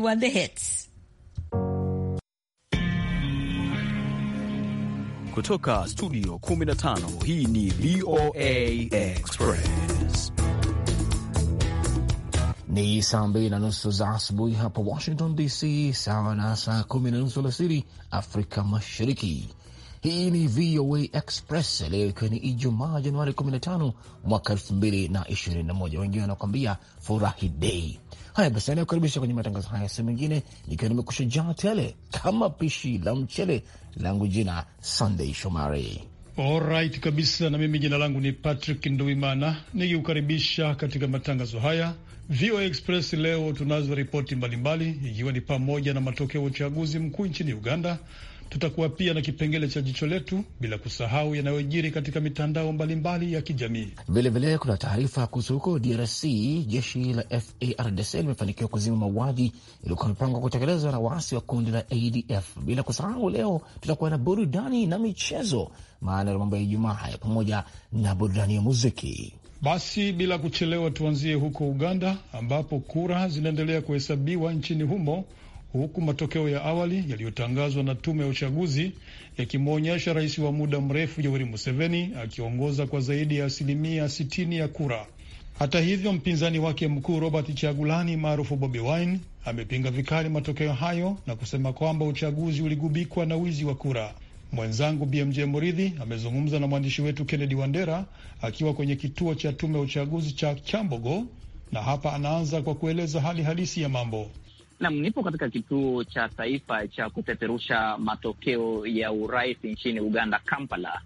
Wa the hits. Kutoka studio 15 hii ni VOA Express. Ni saa mbili na nusu za asubuhi hapa Washington DC, sawa na saa kumi na nusu alasiri Afrika Mashariki. Hii ni VOA Express leo ikiwa ni Ijumaa, Januari 15 mwaka 2021. Wengine wanakuambia furahi dei Haya basi, anayokaribisha kwenye matangazo haya sehemu ingine, ikiwa nimekusha jaa tele kama pishi la mchele langu, jina Sunday Shomari. Alright kabisa, na mimi jina langu ni Patrick Nduimana nikiukaribisha katika matangazo haya VOA Express. Leo tunazo ripoti mbalimbali, ikiwa ni pamoja na matokeo ya uchaguzi mkuu nchini Uganda Tutakuwa pia na kipengele cha jicho letu, bila kusahau yanayojiri katika mitandao mbalimbali ya kijamii. Vilevile kuna taarifa kuhusu huko DRC, jeshi la FARDC limefanikiwa kuzima mauaji yaliyokuwa amepangwa kutekelezwa na waasi wa kundi la ADF. Bila kusahau, leo tutakuwa na burudani na michezo, maana mambo ya Ijumaa haya pamoja na burudani ya muziki. Basi bila kuchelewa, tuanzie huko Uganda ambapo kura zinaendelea kuhesabiwa nchini humo huku matokeo ya awali yaliyotangazwa na tume ya uchaguzi yakimwonyesha rais wa muda mrefu Yoweri Museveni akiongoza kwa zaidi ya asilimia 60 ya kura. Hata hivyo, mpinzani wake mkuu Robert Chagulani maarufu Bobi Wine amepinga vikali matokeo hayo na kusema kwamba uchaguzi uligubikwa na wizi wa kura. Mwenzangu BMJ Muridhi amezungumza na mwandishi wetu Kennedy Wandera akiwa kwenye kituo cha tume ya uchaguzi cha Kyambogo, na hapa anaanza kwa kueleza hali halisi ya mambo. Nam, nipo katika kituo cha taifa cha kupeperusha matokeo ya urais nchini Uganda, Kampala,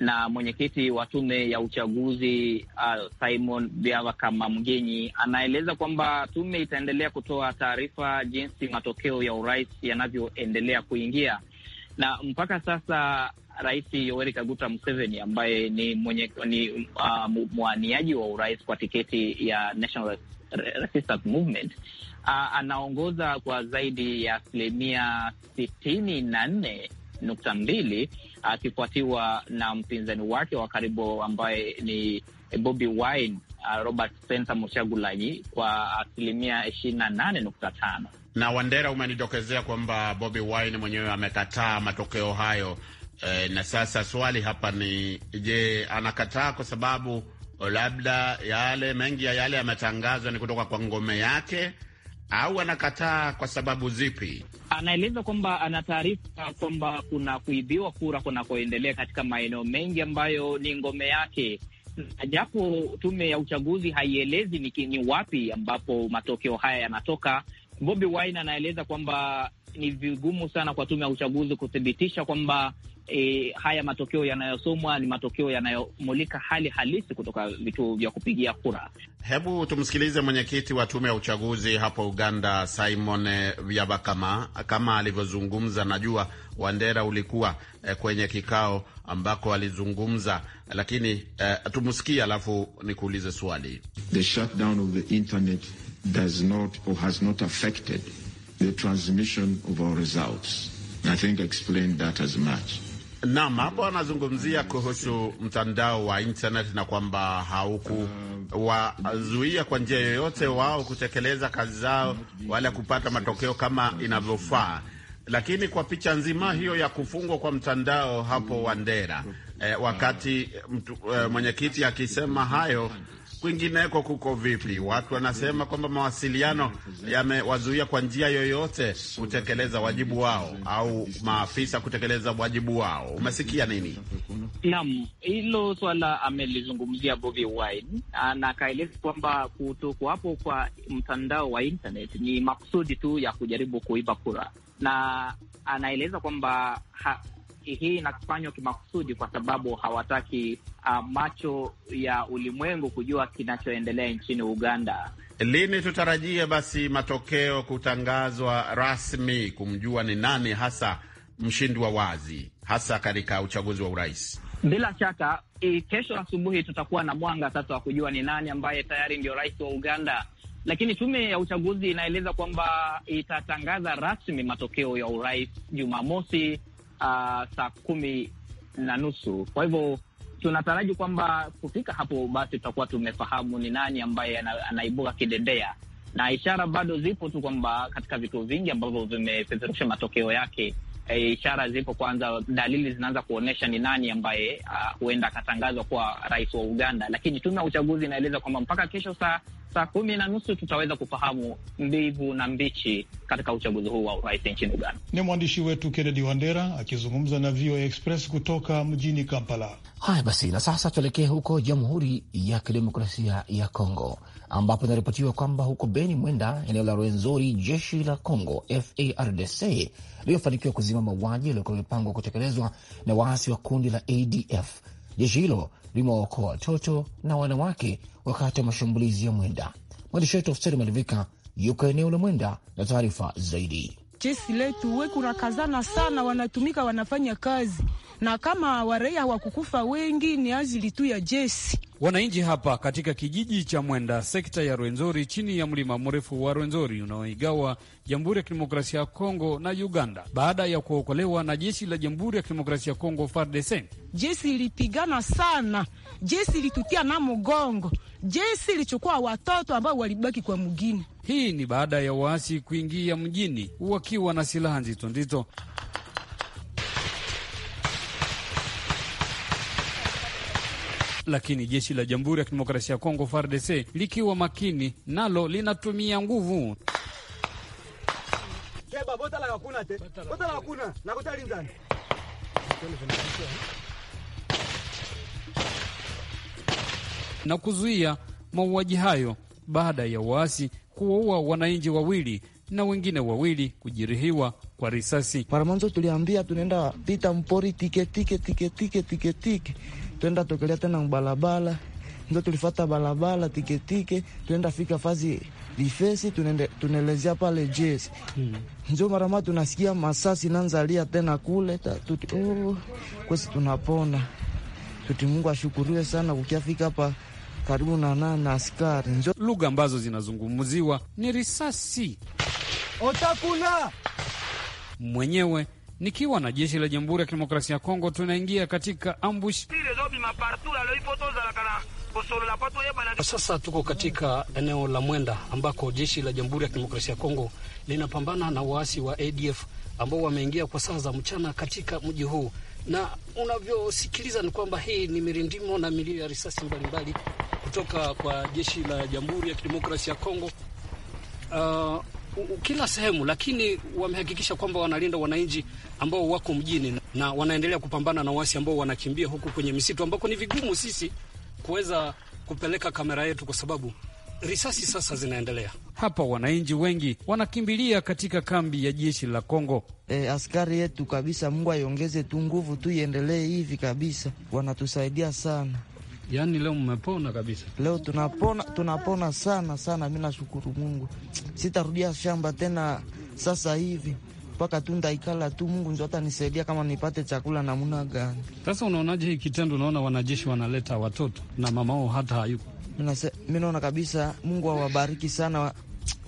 na mwenyekiti wa tume ya uchaguzi uh, Simon Byabakama Mgenyi anaeleza kwamba tume itaendelea kutoa taarifa jinsi matokeo ya urais yanavyoendelea kuingia, na mpaka sasa Rais Yoweri Kaguta Museveni ambaye ni, mwenye, ni uh, mwaniaji wa urais kwa tiketi ya National Resistance Movement uh, anaongoza kwa zaidi ya asilimia sitini na nne nukta mbili akifuatiwa uh, na mpinzani wake wa karibu ambaye ni Bobi Wine uh, Robert Senta Mushagulanyi kwa asilimia ishirini na nane nukta tano na Wandera, umenidokezea kwamba Bobi Wine mwenyewe amekataa matokeo hayo. E, na sasa swali hapa ni je, anakataa kwa sababu labda yale mengi ya yale yametangazwa ni kutoka kwa ngome yake au anakataa kwa sababu zipi? Anaeleza kwamba ana taarifa kwamba kuna kuibiwa kura kunakoendelea katika maeneo mengi ambayo ni ngome yake, japo tume ya uchaguzi haielezi ni wapi ambapo matokeo haya yanatoka. Bobi Wine anaeleza kwamba ni vigumu sana kwa tume ya uchaguzi kuthibitisha kwamba e, haya matokeo yanayosomwa ni matokeo yanayomulika hali halisi kutoka vituo vya kupigia kura. Hebu tumsikilize mwenyekiti wa tume ya uchaguzi hapo Uganda, Simon Vyabakama, kama alivyozungumza. Najua Wandera ulikuwa eh, kwenye kikao ambako alizungumza, lakini eh, tumsikie, alafu nikuulize swali. The shutdown of the internet does not or has not affected the transmission of our results. I think I explained that as much. Naam, hapo anazungumzia kuhusu mtandao wa internet na kwamba haukuwazuia uh, kwa njia yoyote wao kutekeleza kazi zao wala kupata matokeo kama inavyofaa. Lakini kwa picha nzima hiyo ya kufungwa kwa mtandao hapo Wandera, eh, wakati eh, mwenyekiti akisema hayo Kwingineko kuko vipi? Watu wanasema kwamba mawasiliano yamewazuia kwa njia yoyote kutekeleza wajibu wao au maafisa kutekeleza wajibu wao. Umesikia nini? Naam, hilo swala amelizungumzia Bobi Wine na akaeleza kwamba kutokuwapo kwa mtandao wa internet ni makusudi tu ya kujaribu kuiba kura na anaeleza kwamba hii inafanywa kimakusudi kwa sababu hawataki uh, macho ya ulimwengu kujua kinachoendelea nchini Uganda. Lini tutarajie basi matokeo kutangazwa rasmi kumjua ni nani hasa mshindi wa wazi hasa katika uchaguzi wa urais? Bila shaka kesho asubuhi tutakuwa na mwanga sasa wa kujua ni nani ambaye tayari ndio rais wa Uganda, lakini tume ya uchaguzi inaeleza kwamba itatangaza rasmi matokeo ya urais Jumamosi uh, saa kumi na nusu. Kwa hivyo tunataraji kwamba kufika hapo basi tutakuwa tumefahamu ni nani ambaye ana, anaibuka kidedea, na ishara bado zipo tu kwamba katika vituo vingi ambavyo vimepeperusha matokeo yake e, ishara zipo. Kwanza dalili zinaanza kuonyesha ni nani ambaye uh, huenda akatangazwa kuwa rais wa Uganda, lakini tume ya uchaguzi inaeleza kwamba mpaka kesho saa saa kumi na nusu tutaweza kufahamu mbivu na mbichi katika uchaguzi huu wa urais nchini Uganda. Ni mwandishi wetu Kennedy Wandera akizungumza na VOA Express kutoka mjini Kampala. Haya basi, na sasa tuelekee huko Jamhuri ya Kidemokrasia ya Kongo ambapo inaripotiwa kwamba huko Beni Mwenda, eneo la Rwenzori, jeshi la Kongo FARDC liliyofanikiwa kuzima mauaji yaliyokuwa imepangwa kutekelezwa na waasi wa kundi la ADF. Jeshi hilo limewaokoa watoto na wanawake wakati wa mashambulizi ya Mwenda. Mwandishi wetu Ofseri Malivika yuko eneo la Mwenda na taarifa zaidi. Jeshi letu wekurakazana sana, wanatumika wanafanya kazi na kama waraia hawakukufa wengi, ni ajili tu ya jeshi. Wananchi hapa katika kijiji cha Mwenda, sekta ya Rwenzori, chini ya mlima mrefu wa Rwenzori unaoigawa Jamhuri ya Kidemokrasia ya Kongo na Uganda, baada ya kuokolewa na jeshi la Jamhuri ya Kidemokrasia ya Kongo, FARDC. Jeshi ilipigana sana, jeshi ilitutia na mgongo, jeshi ilichukua watoto ambao walibaki kwa mgini. Hii ni baada ya waasi kuingia mjini wakiwa na silaha nzito nzito. lakini jeshi la Jamhuri ya Kidemokrasia ya Kongo FARDC likiwa makini nalo linatumia nguvu na kuzuia mauaji hayo baada ya waasi kuwaua wananchi wawili na wengine wawili kujirihiwa kwa risasi. Mara mwanzo tuliambia tunaenda pita mpori tike tike tike tuenda tokelea tena mbalabala, ndo tulifata balabala tiketike, tuenda fika fazi rifesi, tunaelezea pale jes hmm. Njo marama tunasikia masasi nanzalia tena kule tuti, oh, kwesi tunapona tuti, Mungu ashukuriwe sana kukiafika hapa karibu na nana askari. Njo lugha ambazo zinazungumziwa ni risasi otakuna mwenyewe nikiwa na jeshi la Jamhuri ya Kidemokrasia ya Kongo, tunaingia katika ambush. Sasa tuko katika eneo la Mwenda ambako jeshi la Jamhuri ya Kidemokrasia ya Kongo linapambana na waasi wa ADF ambao wameingia kwa saa za mchana katika mji huu, na unavyosikiliza ni kwamba hii ni mirindimo na milio ya risasi mbalimbali kutoka kwa jeshi la Jamhuri ya Kidemokrasia ya Kongo. Uh, kila sehemu, lakini wamehakikisha kwamba wanalinda wananchi ambao wako mjini na wanaendelea kupambana na wasi ambao wanakimbia huku kwenye misitu ambako ni vigumu sisi kuweza kupeleka kamera yetu kwa sababu risasi sasa zinaendelea hapa. Wananchi wengi wanakimbilia katika kambi ya jeshi la Kongo. E, askari yetu kabisa, Mungu aiongeze tu nguvu tu, iendelee hivi kabisa, wanatusaidia sana. Yaani leo mmepona kabisa? Leo tunapona, tunapona sana sana. Mimi nashukuru Mungu, sitarudia shamba tena sasa hivi mpaka tu ndaikala tu. Mungu ndio atanisaidia kama nipate chakula namna gani. Sasa unaonaje hii kitendo? Unaona wanajeshi wanaleta watoto na mama wao hata hayuko. Mimi naona kabisa Mungu awabariki sana,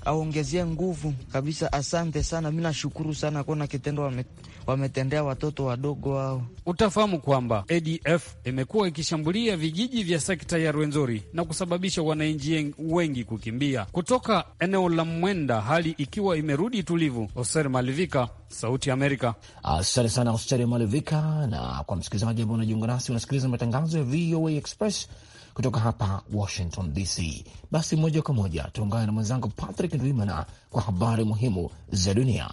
aongezie nguvu kabisa. Asante sana, mimi nashukuru sana kuona kitendo wame wametendea watoto wadogo wao. Utafahamu kwamba ADF imekuwa ikishambulia vijiji vya sekta ya Rwenzori na kusababisha wananchi wengi kukimbia kutoka eneo la Mwenda, hali ikiwa imerudi tulivu. Oser Malivika, Sauti Amerika. Asante sana Oser Malivika. Na kwa msikilizaji ambao unajiunga nasi, unasikiliza matangazo ya VOA Express kutoka hapa Washington DC. Basi moja kwa moja tuungane na mwenzangu Patrick Ndwimana kwa habari muhimu za dunia.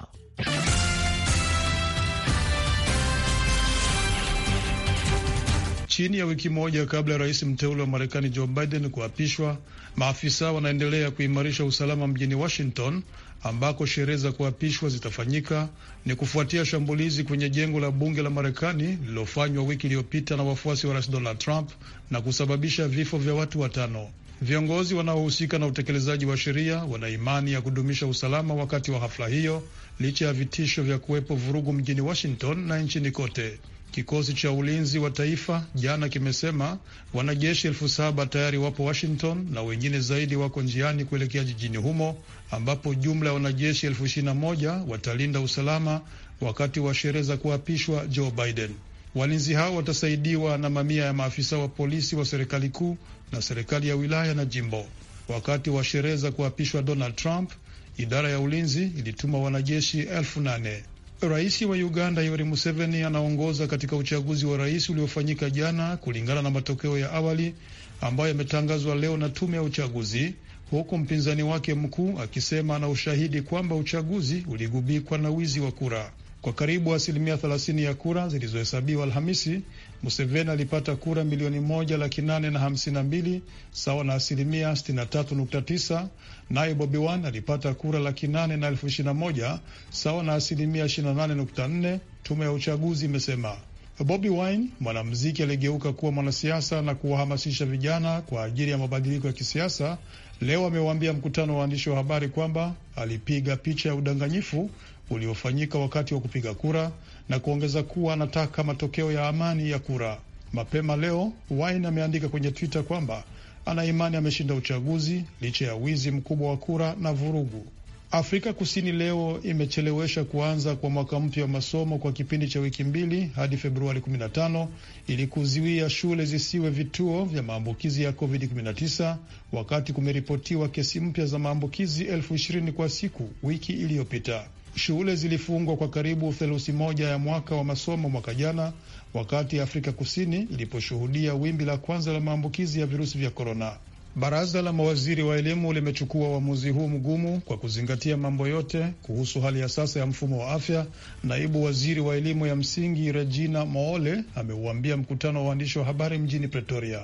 Chini ya wiki moja kabla ya rais mteule wa Marekani Joe Biden kuapishwa, maafisa wanaendelea kuimarisha usalama mjini Washington ambako sherehe za kuapishwa zitafanyika. Ni kufuatia shambulizi kwenye jengo la bunge la Marekani lililofanywa wiki iliyopita na wafuasi wa rais Donald Trump na kusababisha vifo vya watu watano. Viongozi wanaohusika na utekelezaji wa sheria wana imani ya kudumisha usalama wakati wa hafla hiyo licha ya vitisho vya kuwepo vurugu mjini Washington na nchini kote. Kikosi cha ulinzi wa taifa jana kimesema wanajeshi elfu saba tayari wapo Washington na wengine zaidi wako njiani kuelekea jijini humo ambapo jumla ya wanajeshi elfu ishirini na moja watalinda usalama wakati wa sherehe za kuapishwa Joe Biden. Walinzi hao watasaidiwa na mamia ya maafisa wa polisi wa serikali kuu na serikali ya wilaya na jimbo. Wakati wa sherehe za kuapishwa Donald Trump, idara ya ulinzi ilituma wanajeshi elfu nane. Rais wa Uganda Yoweri Museveni anaongoza katika uchaguzi wa rais uliofanyika jana kulingana na matokeo ya awali ambayo yametangazwa leo na tume ya uchaguzi, huku mpinzani wake mkuu akisema ana ushahidi kwamba uchaguzi uligubikwa na wizi wa kura. Kwa karibu asilimia 30 ya kura zilizohesabiwa Alhamisi, Museveni alipata kura milioni moja laki nane na hamsini na mbili sawa na asilimia 63.9. Naye Bobi Wine alipata kura laki nane na elfu ishirini na moja sawa na asilimia 28.4, tume ya uchaguzi imesema. Bobi Wine mwanamuziki aliyegeuka kuwa mwanasiasa na kuwahamasisha vijana kwa ajili ya mabadiliko ya kisiasa, leo amewaambia mkutano wa waandishi wa habari kwamba alipiga picha ya udanganyifu uliofanyika wakati wa kupiga kura na kuongeza kuwa anataka matokeo ya amani ya kura. Mapema leo Wine ameandika kwenye Twitter kwamba ana imani ameshinda uchaguzi licha ya wizi mkubwa wa kura na vurugu. Afrika Kusini leo imechelewesha kuanza kwa mwaka mpya wa masomo kwa kipindi cha wiki mbili hadi Februari 15 ili kuziwia shule zisiwe vituo vya maambukizi ya COVID-19 wakati kumeripotiwa kesi mpya za maambukizi elfu ishirini kwa siku wiki iliyopita. Shule zilifungwa kwa karibu theluthi moja ya mwaka wa masomo mwaka jana, wakati Afrika Kusini iliposhuhudia wimbi la kwanza la maambukizi ya virusi vya korona. Baraza la mawaziri wa elimu limechukua uamuzi huu mgumu kwa kuzingatia mambo yote kuhusu hali ya sasa ya mfumo wa afya. Naibu waziri wa elimu ya msingi Regina Moole ameuambia mkutano wa waandishi wa habari mjini Pretoria.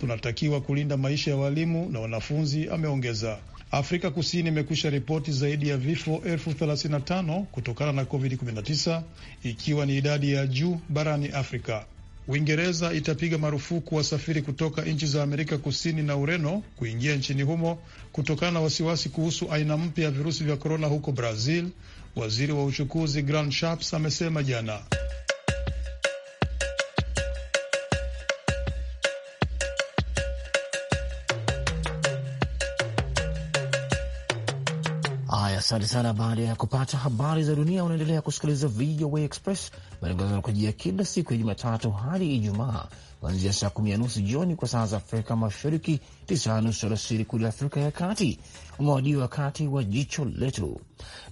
Tunatakiwa kulinda maisha ya walimu na wanafunzi, ameongeza. Afrika Kusini imekwisha ripoti zaidi ya vifo elfu 35 kutokana na COVID-19 ikiwa ni idadi ya juu barani Afrika. Uingereza itapiga marufuku wasafiri kutoka nchi za Amerika Kusini na Ureno kuingia nchini humo kutokana na wasiwasi kuhusu aina mpya ya virusi vya korona huko Brazil, waziri wa uchukuzi Grant sharps amesema jana. Asante sana. Baada ya kupata habari za dunia, unaendelea kusikiliza VOA Express, matangazo yanakujia kila siku ya Jumatatu hadi Ijumaa, kuanzia saa kumi na nusu jioni kwa saa za Afrika Mashariki, tisa na nusu alasiri kule Afrika ya Kati. Umewadia wakati wa jicho letu,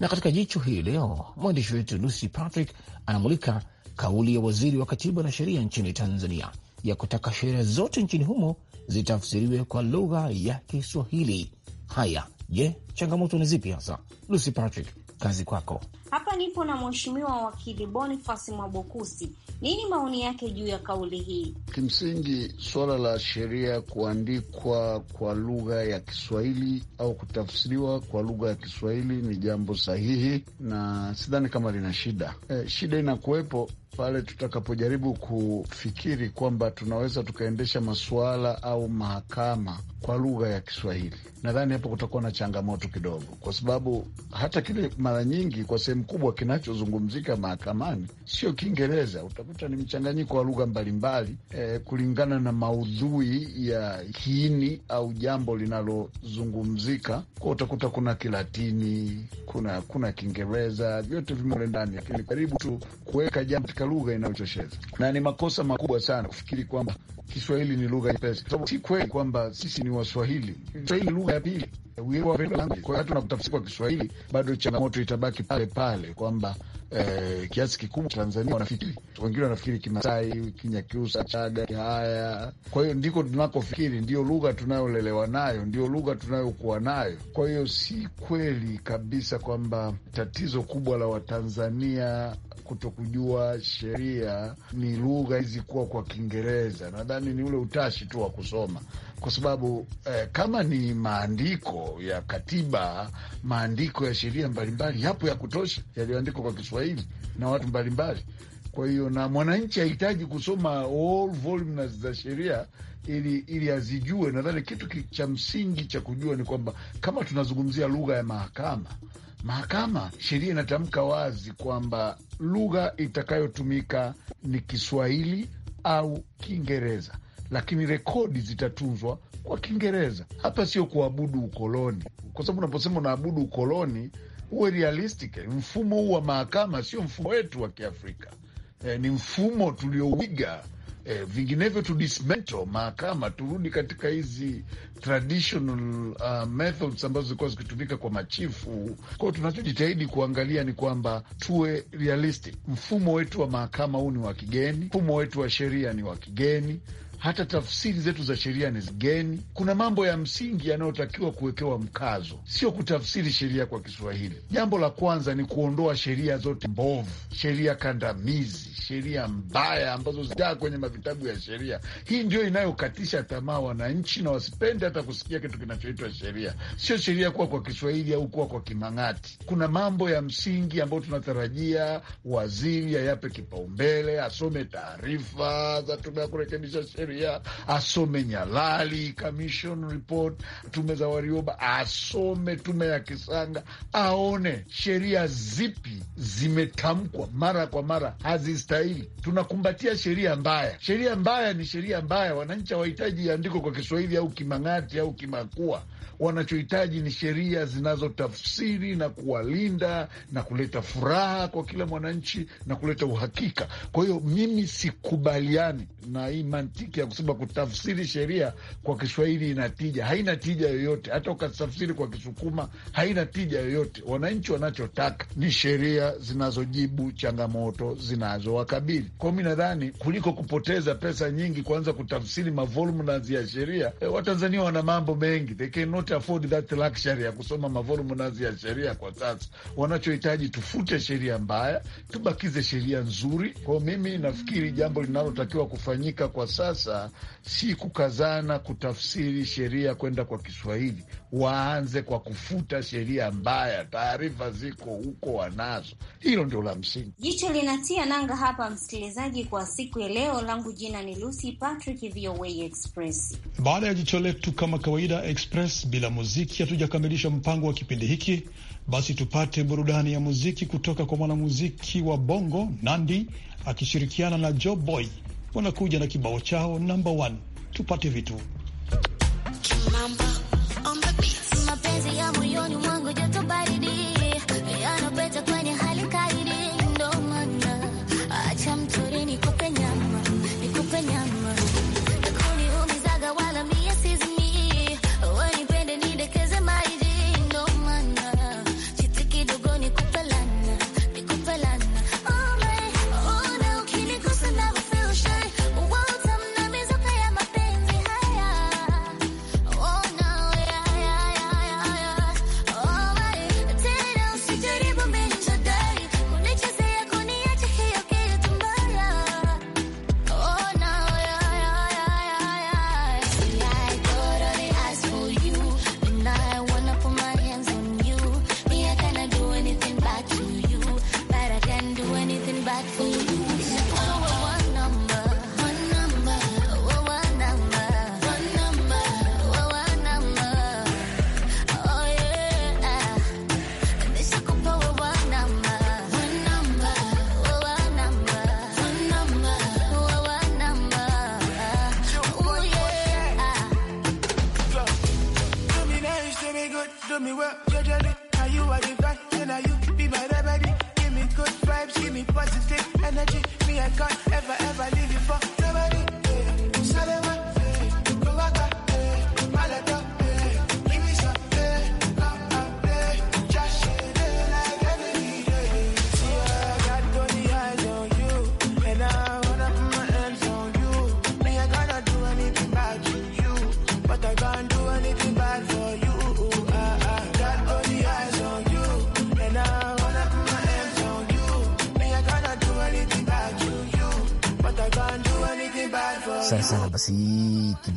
na katika jicho hii leo mwandishi wetu Lucy Patrick anamulika kauli ya waziri wa katiba na sheria nchini Tanzania ya kutaka sheria zote nchini humo zitafsiriwe kwa lugha ya Kiswahili. Haya Je, changamoto ni zipi hasa? Lucy Patrick, kazi kwako. Hapa nipo na mheshimiwa wakili Bonifasi Mwabokusi. Nini maoni yake juu ya kauli hii? Kimsingi, suala la sheria kuandikwa kwa lugha ya Kiswahili au kutafsiriwa kwa lugha ya Kiswahili ni jambo sahihi na sidhani kama lina shida. E, shida inakuwepo pale tutakapojaribu kufikiri kwamba tunaweza tukaendesha masuala au mahakama kwa lugha ya Kiswahili, nadhani hapo kutakuwa na changamoto kidogo, kwa sababu hata kile mara nyingi kwa sehemu kubwa kinachozungumzika mahakamani sio Kiingereza, utakuta ni mchanganyiko wa lugha mbalimbali eh, kulingana na maudhui ya kiini au jambo linalozungumzika. Kwa utakuta kuna Kilatini, kuna kuna Kiingereza, vyote vimo ndani, lakini karibu tu kuweka jambo katika lugha inayochosheza, na ni makosa makubwa sana kufikiri kwamba Kiswahili ni lugha nyepesi, kwa sababu si kweli kwamba sisi ni Waswahili. Kiswahili ni lugha ya pili, hata unapotafsiri kwa Kiswahili bado changamoto itabaki pale pale kwamba eh, kiasi kikubwa Tanzania wanafikiri, wengine wanafikiri Kimasai, Kinyakyusa, Chaga, Kihaya. Kwa hiyo ndiko tunakofikiri, ndio lugha tunayolelewa nayo, ndio lugha tunayokuwa nayo. Kwa hiyo si kweli kabisa kwamba tatizo kubwa la Watanzania kutokujua sheria ni lugha hizi kuwa kwa Kiingereza. Nadhani ni ule utashi tu wa kusoma, kwa sababu eh, kama ni maandiko ya katiba, maandiko ya sheria mbalimbali yapo ya kutosha yaliyoandikwa kwa Kiswahili na watu mbalimbali kwa hiyo na mwananchi hahitaji kusoma all volumes za sheria ili ili azijue. Nadhani kitu cha msingi cha kujua ni kwamba kama tunazungumzia lugha ya mahakama Mahakama sheria inatamka wazi kwamba lugha itakayotumika ni Kiswahili au Kiingereza, lakini rekodi zitatunzwa kwa Kiingereza. Hapa sio kuabudu ukoloni, kwa sababu unaposema unaabudu ukoloni uwe realistic. Mfumo huu wa mahakama sio mfumo wetu wa Kiafrika. E, ni mfumo tuliouiga E, vinginevyo tu dismantle mahakama, turudi katika hizi traditional uh, methods ambazo zilikuwa zikitumika kwa machifu. Kwao tunachojitahidi kuangalia ni kwamba tuwe realistic. Mfumo wetu wa mahakama huu ni wa kigeni, mfumo wetu wa sheria ni wa kigeni hata tafsiri zetu za sheria ni zigeni Kuna mambo ya msingi yanayotakiwa kuwekewa mkazo, sio kutafsiri sheria kwa Kiswahili. Jambo la kwanza ni kuondoa sheria zote mbovu, sheria kandamizi, sheria mbaya ambazo zitaa kwenye mavitabu ya sheria. Hii ndio inayokatisha tamaa wananchi na wasipende hata kusikia kitu kinachoitwa sheria. Sio sheria kuwa kwa Kiswahili au kuwa kwa Kimang'ati. Kuna mambo ya msingi ambayo tunatarajia waziri ayape kipaumbele, asome taarifa za tume ya kurekebisha sheria sheria asome Nyalali commission report, tume za Warioba, asome tume ya Kisanga, aone sheria zipi zimetamkwa mara kwa mara hazistahili. Tunakumbatia sheria mbaya. Sheria mbaya ni sheria mbaya. Wananchi hawahitaji iandiko kwa Kiswahili au Kimang'ati au Kimakua. Wanachohitaji ni sheria zinazotafsiri na kuwalinda na kuleta furaha kwa kila mwananchi na kuleta uhakika. Kwa hiyo mimi sikubaliani na hii mantiki ya kusema kutafsiri sheria kwa Kiswahili ina tija? Haina tija yoyote. Hata ukatafsiri kwa Kisukuma haina tija yoyote. Wananchi wanachotaka ni sheria zinazojibu changamoto zinazowakabili kwao. Mi nadhani kuliko kupoteza pesa nyingi kuanza kutafsiri mavolumnas ya sheria e, Watanzania wana mambo mengi, they cannot afford that luxury ya kusoma mavolumnas ya sheria kwa sasa. Wanachohitaji tufute sheria mbaya, tubakize sheria nzuri. Kwao mimi nafikiri jambo linalotakiwa kufanyika kwa sasa sasa si kukazana kutafsiri sheria kwenda kwa Kiswahili, waanze kwa kufuta sheria mbaya. Taarifa ziko huko, wanazo. Hilo ndio la msingi. Jicho linatia nanga hapa, msikilizaji, kwa siku ya leo. Langu jina ni Lucy Patrick, VOA Express. Baada ya jicho letu, kama kawaida, Express bila muziki hatujakamilisha mpango wa kipindi hiki. Basi tupate burudani ya muziki kutoka kwa mwanamuziki wa bongo Nandi akishirikiana na Joe Boy wanakuja na kibao chao namba 1 tupate vitu Kimamba.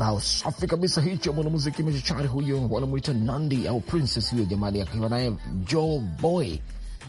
kibao safi kabisa hicho, mwanamuziki machachari huyo, wanamwita Nandi au Princess huyo jamani, akiwa naye Joe Boy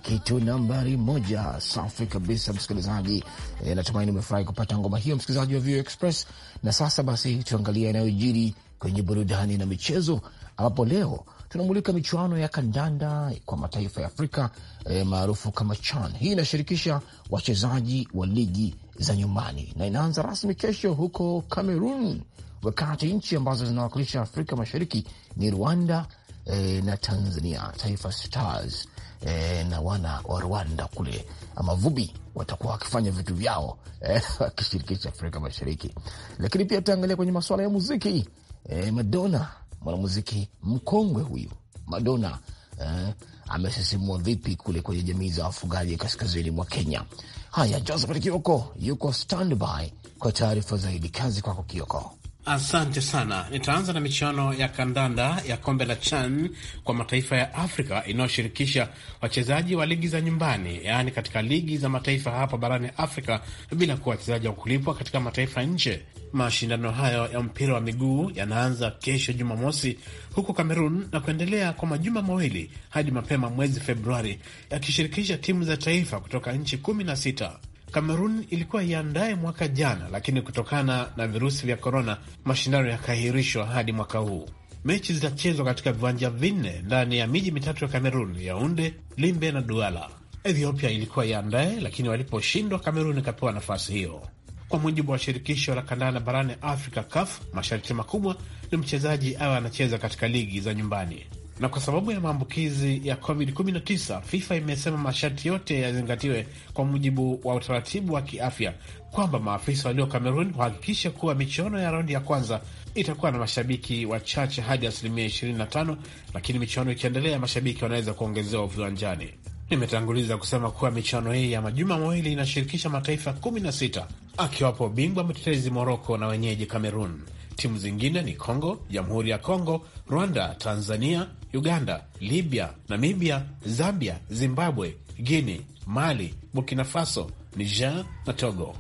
kitu nambari moja. Safi kabisa msikilizaji, e, natumaini umefurahi kupata ngoma hiyo, msikilizaji wa VOA Express. Na sasa basi tuangalia yanayojiri kwenye burudani na michezo, ambapo leo tunamulika michuano ya kandanda kwa mataifa ya Afrika e, maarufu kama CHAN. Hii inashirikisha wachezaji wa ligi za nyumbani na inaanza rasmi kesho huko Cameroon wakati nchi ambazo zinawakilisha Afrika Mashariki ni Rwanda e, na Tanzania, Taifa Stars e, na wana wa Rwanda kule ama Vubi watakuwa wakifanya vitu vyao eh, wakishirikisha e, Afrika Mashariki. Lakini pia tutaangalia kwenye masuala ya muziki e, Madonna, mwanamuziki mkongwe huyu Madonna e, amesisimua vipi kule kwenye jamii za wafugaji kaskazini mwa Kenya. Haya, Josephat Kioko yuko standby kwa taarifa zaidi. Kazi kwako Kioko. Asante sana. Nitaanza na michuano ya kandanda ya kombe la CHAN kwa mataifa ya Afrika inayoshirikisha wachezaji wa ligi za nyumbani, yaani katika ligi za mataifa hapa barani Afrika, bila kuwa wachezaji wa kulipwa katika mataifa nje. Mashindano hayo ya mpira wa miguu yanaanza kesho Jumamosi huko Kamerun na kuendelea kwa majuma mawili hadi mapema mwezi Februari, yakishirikisha timu za taifa kutoka nchi kumi na sita. Kamerun ilikuwa iandaye mwaka jana, lakini kutokana na virusi vya korona mashindano yakaahirishwa hadi mwaka huu. Mechi zitachezwa katika viwanja vinne ndani ya miji mitatu ya Kamerun, Yaunde, Limbe na Duala. Ethiopia ilikuwa iandaye, lakini waliposhindwa, Kamerun ikapewa nafasi hiyo. Kwa mujibu wa shirikisho la kandanda barani Afrika, CAF, masharti makubwa ni mchezaji awe anacheza katika ligi za nyumbani. Na kwa sababu ya maambukizi ya COVID-19, FIFA imesema masharti yote yazingatiwe kwa mujibu wa utaratibu wa kiafya, kwamba maafisa walio Kamerun wahakikishe kuwa michuano ya raundi ya kwanza itakuwa na mashabiki wachache hadi asilimia 25, lakini michuano ikiendelea, mashabiki wanaweza kuongezewa viwanjani. Nimetanguliza kusema kuwa michuano hii ya majuma mawili inashirikisha mataifa 16 akiwapo bingwa mtetezi Moroko na wenyeji Kamerun. Timu zingine ni Congo, Jamhuri ya Congo, Rwanda, Tanzania, Uganda, Libya, Namibia, Zambia, Zimbabwe, Guinea, Mali, Burkina Faso, Niger na Togo.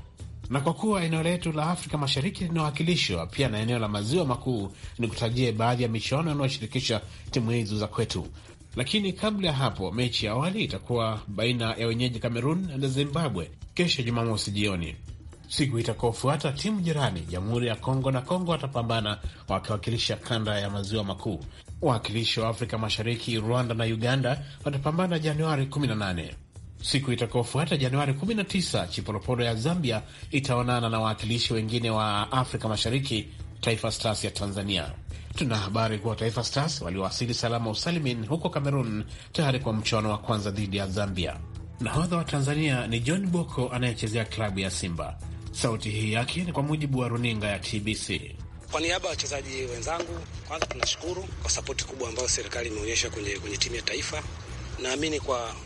Na kwa kuwa eneo letu la Afrika Mashariki linawakilishwa pia na eneo la maziwa makuu, ni kutajie baadhi ya michuano inayoshirikisha timu hizo za kwetu. Lakini kabla ya hapo, mechi ya awali itakuwa baina ya wenyeji Cameroon na Zimbabwe kesho Jumamosi jioni. Siku itakaofuata timu jirani Jamhuri ya Kongo na Kongo watapambana wakiwakilisha kanda ya maziwa makuu. Wawakilishi wa Afrika Mashariki, Rwanda na Uganda watapambana Januari 18. Siku itakaofuata Januari 19, Chipolopolo ya Zambia itaonana na wawakilishi wengine wa Afrika Mashariki, Taifa Stars ya Tanzania. Tuna habari kuwa Taifa Stars waliowasili salama usalimin huko Cameroon tayari kwa mchuano wa kwanza dhidi ya Zambia. Nahodha wa Tanzania ni John Boko anayechezea klabu ya Simba. Sauti hii yake ni kwa mujibu wa runinga ya TBC. Kwa niaba ya wachezaji wenzangu, kwanza tunashukuru kwa sapoti kubwa ambayo serikali imeonyesha kwenye, kwenye timu ya taifa. Naamini kwa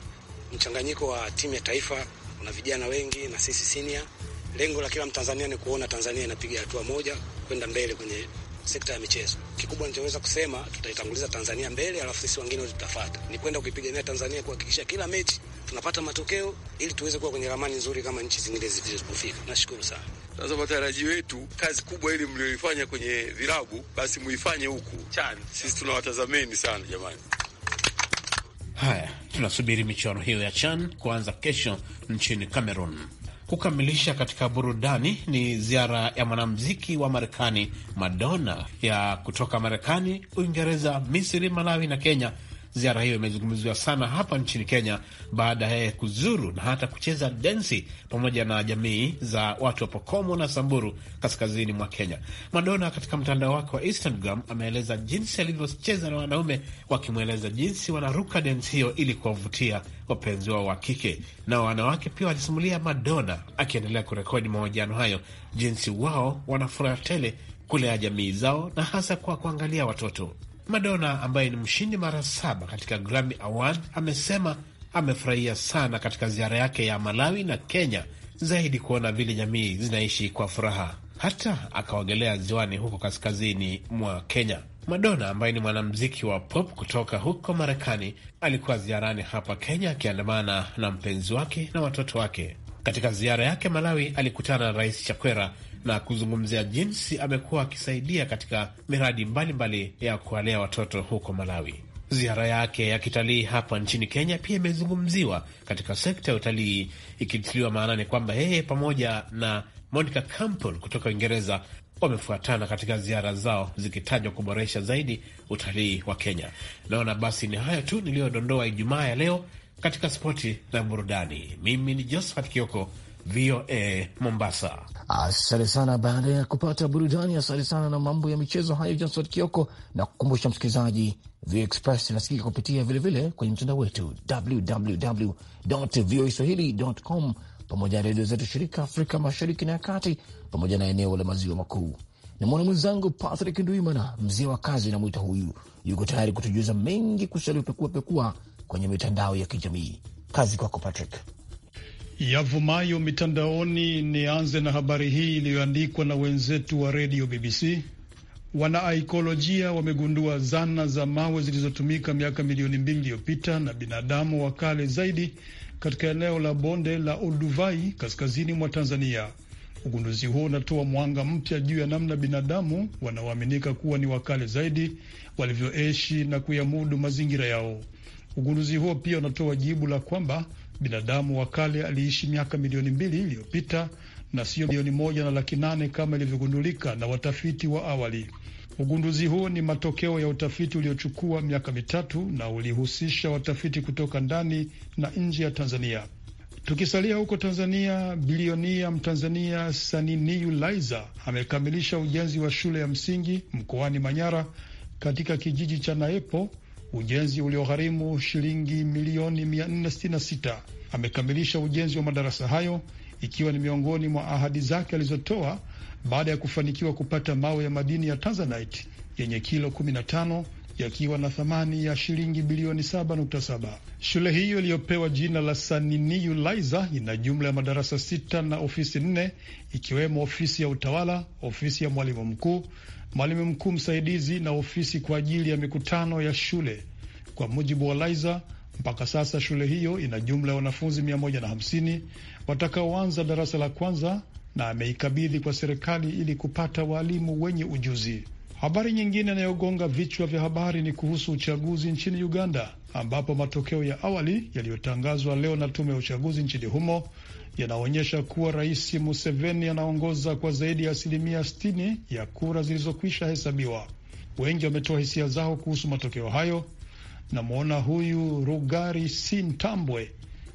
mchanganyiko wa timu ya taifa kuna vijana wengi na sisi senior, lengo la kila Mtanzania ni kuona Tanzania inapiga hatua moja kwenda mbele kwenye sekta ya michezo. Kikubwa nichoweza kusema tutaitanguliza Tanzania mbele, alafu sisi wengine tutafuata. Ni kwenda kuipigania Tanzania, kuhakikisha kila mechi tunapata matokeo ili tuweze kuwa kwenye ramani nzuri kama nchi zingine zilizofika. Nashukuru sana. Sasa matarajio wetu, kazi kubwa ili mlioifanya kwenye vilabu, basi muifanye huku chani. Sisi tunawatazameni sana jamani. Haya, tunasubiri michuano hiyo ya CHAN kuanza kesho nchini Cameroon. Kukamilisha katika burudani ni ziara ya mwanamuziki wa Marekani Madonna ya kutoka Marekani, Uingereza, Misri, Malawi na Kenya Ziara hiyo imezungumziwa sana hapa nchini Kenya baada ya yeye kuzuru na hata kucheza densi pamoja na jamii za watu wa Pokomo na Samburu kaskazini mwa Kenya. Madonna katika mtandao wake wa Instagram ameeleza jinsi alivyocheza na wanaume wakimweleza jinsi wanaruka densi hiyo ili kuwavutia wapenzi wao wa kike, na wanawake pia walisimulia Madonna akiendelea kurekodi mahojiano hayo jinsi wao wanafuraha tele kulea jamii zao na hasa kwa kuangalia watoto. Madonna ambaye ni mshindi mara saba katika Grammy Award amesema amefurahia sana katika ziara yake ya Malawi na Kenya, zaidi kuona vile jamii zinaishi kwa furaha. Hata akaogelea ziwani huko kaskazini mwa Kenya. Madonna ambaye ni mwanamuziki wa pop kutoka huko Marekani alikuwa ziarani hapa Kenya akiandamana na mpenzi wake na watoto wake. Katika ziara yake Malawi alikutana na Rais Chakwera na kuzungumzia jinsi amekuwa akisaidia katika miradi mbalimbali mbali ya kuwalea watoto huko Malawi. Ziara yake ya kitalii hapa nchini Kenya pia imezungumziwa katika sekta ya utalii, ikitiliwa maanani kwamba yeye pamoja na Monica Campbell kutoka Uingereza wamefuatana katika ziara zao zikitajwa kuboresha zaidi utalii wa Kenya. Naona basi ni hayo tu niliyodondoa Ijumaa ya leo katika spoti na burudani. Mimi ni Josephat Kioko. VOA Mombasa. Asante sana. Baada ya kupata burudani, asante sana na mambo ya michezo hayo, Johnson Kioko, na kukumbusha msikilizaji, VOA Express inasikika kupitia vilevile kwenye mtandao wetu www voa swahili.com, pamoja na redio zetu shirika Afrika Mashariki na ya Kati, pamoja na eneo la maziwa makuu. Namwona mwenzangu Patrick Nduimana, mzee wa kazi namwita huyu, yuko tayari kutujuza mengi kuhusu yaliyopekuapekua kwenye mitandao ya kijamii. Kazi kwako Patrick yavumayo mitandaoni. Nianze na habari hii iliyoandikwa na wenzetu wa redio BBC. wanaaikolojia wamegundua zana za mawe zilizotumika miaka milioni mbili iliyopita na binadamu wa kale zaidi katika eneo la bonde la Olduvai kaskazini mwa Tanzania. Ugunduzi huo unatoa mwanga mpya juu ya namna binadamu wanaoaminika kuwa ni wakale zaidi walivyoishi na kuyamudu mazingira yao. Ugunduzi huo pia unatoa jibu la kwamba Binadamu wa kale aliishi miaka milioni mbili iliyopita na sio milioni moja na laki nane kama ilivyogundulika na watafiti wa awali. Ugunduzi huu ni matokeo ya utafiti uliochukua miaka mitatu na ulihusisha watafiti kutoka ndani na nje ya Tanzania. Tukisalia huko Tanzania, bilionia Mtanzania Saniniu Laiza amekamilisha ujenzi wa shule ya msingi mkoani Manyara katika kijiji cha Naepo ujenzi uliogharimu shilingi milioni 466. Amekamilisha ujenzi wa madarasa hayo ikiwa ni miongoni mwa ahadi zake alizotoa baada ya kufanikiwa kupata mawe ya madini ya Tanzanite yenye kilo 15 yakiwa na thamani ya shilingi bilioni 7.7. Shule hiyo iliyopewa jina la Saniniu Laiza ina jumla ya madarasa sita na ofisi nne, ikiwemo ofisi ya utawala, ofisi ya mwalimu mkuu, mwalimu mkuu msaidizi na ofisi kwa ajili ya mikutano ya shule. Kwa mujibu wa Laiza, mpaka sasa shule hiyo ina jumla ya wanafunzi 150 watakaoanza darasa la kwanza na ameikabidhi kwa serikali ili kupata waalimu wenye ujuzi. Habari nyingine inayogonga vichwa vya habari ni kuhusu uchaguzi nchini Uganda ambapo matokeo ya awali yaliyotangazwa leo na tume ya uchaguzi nchini humo yanaonyesha kuwa Rais Museveni anaongoza kwa zaidi ya asilimia 60 ya kura zilizokwisha hesabiwa. Wengi wametoa hisia zao kuhusu matokeo hayo. Namwona huyu Rugari Sintambwe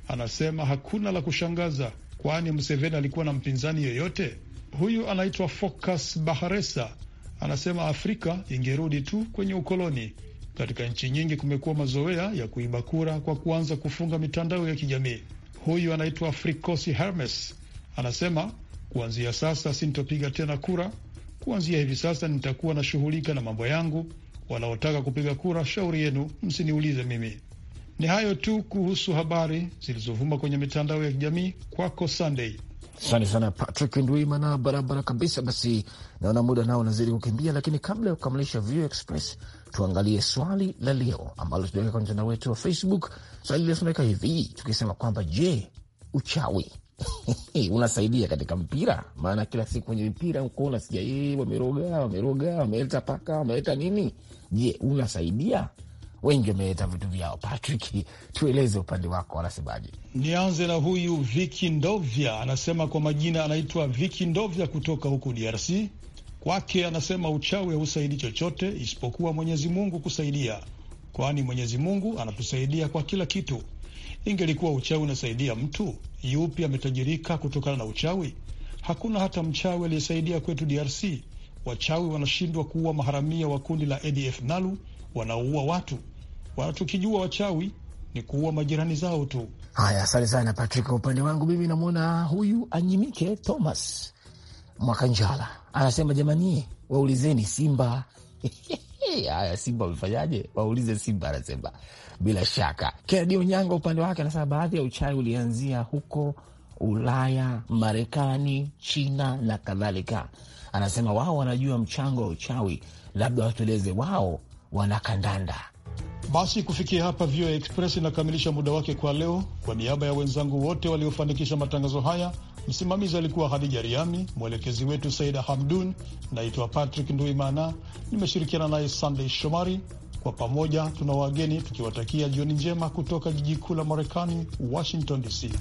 anasema hakuna la kushangaza, kwani Museveni alikuwa na mpinzani yoyote Huyu anaitwa Focus Baharesa anasema Afrika ingerudi tu kwenye ukoloni katika nchi nyingi kumekuwa mazoea ya kuiba kura kwa kuanza kufunga mitandao ya kijamii. Huyu anaitwa Frikosi Hermes, anasema kuanzia sasa sintopiga tena kura. Kuanzia hivi sasa nitakuwa nashughulika na mambo yangu. Wanaotaka kupiga kura, shauri yenu, msiniulize mimi. Ni hayo tu kuhusu habari zilizovuma kwenye mitandao ya kijamii. Kwako Sunday. Asante sana Patrick Ndwimana, barabara kabisa. Basi naona muda nao unazidi kukimbia, lakini kabla ya kukamilisha View Express tuangalie swali la leo ambalo tuliweka kwenye mtandao wetu wa Facebook. Swali linasomeka hivi tukisema kwamba je, uchawi unasaidia katika mpira? Maana kila siku kwenye mpira uko unasikia eh, wameroga wameroga, wameleta paka, wameleta nini. Je, unasaidia? Wengi wameleta vitu vyao. Patrick, tueleze upande wako, wanasemaje? Nianze na huyu Viki Ndovya, anasema kwa majina anaitwa Viki Ndovya kutoka huku DRC. Kwake anasema uchawi hausaidi chochote isipokuwa Mwenyezi Mungu kusaidia, kwani Mwenyezi Mungu anatusaidia kwa kila kitu. Ingelikuwa uchawi unasaidia mtu, yupi ametajirika kutokana na uchawi? Hakuna hata mchawi aliyesaidia kwetu DRC. Wachawi wanashindwa kuua maharamia wa kundi la ADF NALU wanaoua watu. Wanatukijua wachawi ni kuua majirani zao tu. Haya, asante sana Patrick. Kwa upande wangu mimi namwona huyu Anyimike Thomas Mwakanjala anasema jamani, waulizeni Simba. Haya, Simba wamefanyaje? Waulize Simba, anasema bila shaka. Kennedy Onyanga upande wake anasema baadhi ya uchawi ulianzia huko Ulaya, Marekani, China na kadhalika. Anasema wao wanajua mchango wa uchawi, labda watueleze wao wana kandanda. Basi kufikia hapa, VOA Express inakamilisha muda wake kwa leo. Kwa niaba ya wenzangu wote waliofanikisha matangazo haya Msimamizi alikuwa Hadija Riami, mwelekezi wetu Saida Hamdun. Naitwa Patrick Nduimana, nimeshirikiana naye Sandey Shomari. Kwa pamoja tuna wageni tukiwatakia jioni njema kutoka jiji kuu la Marekani, Washington DC.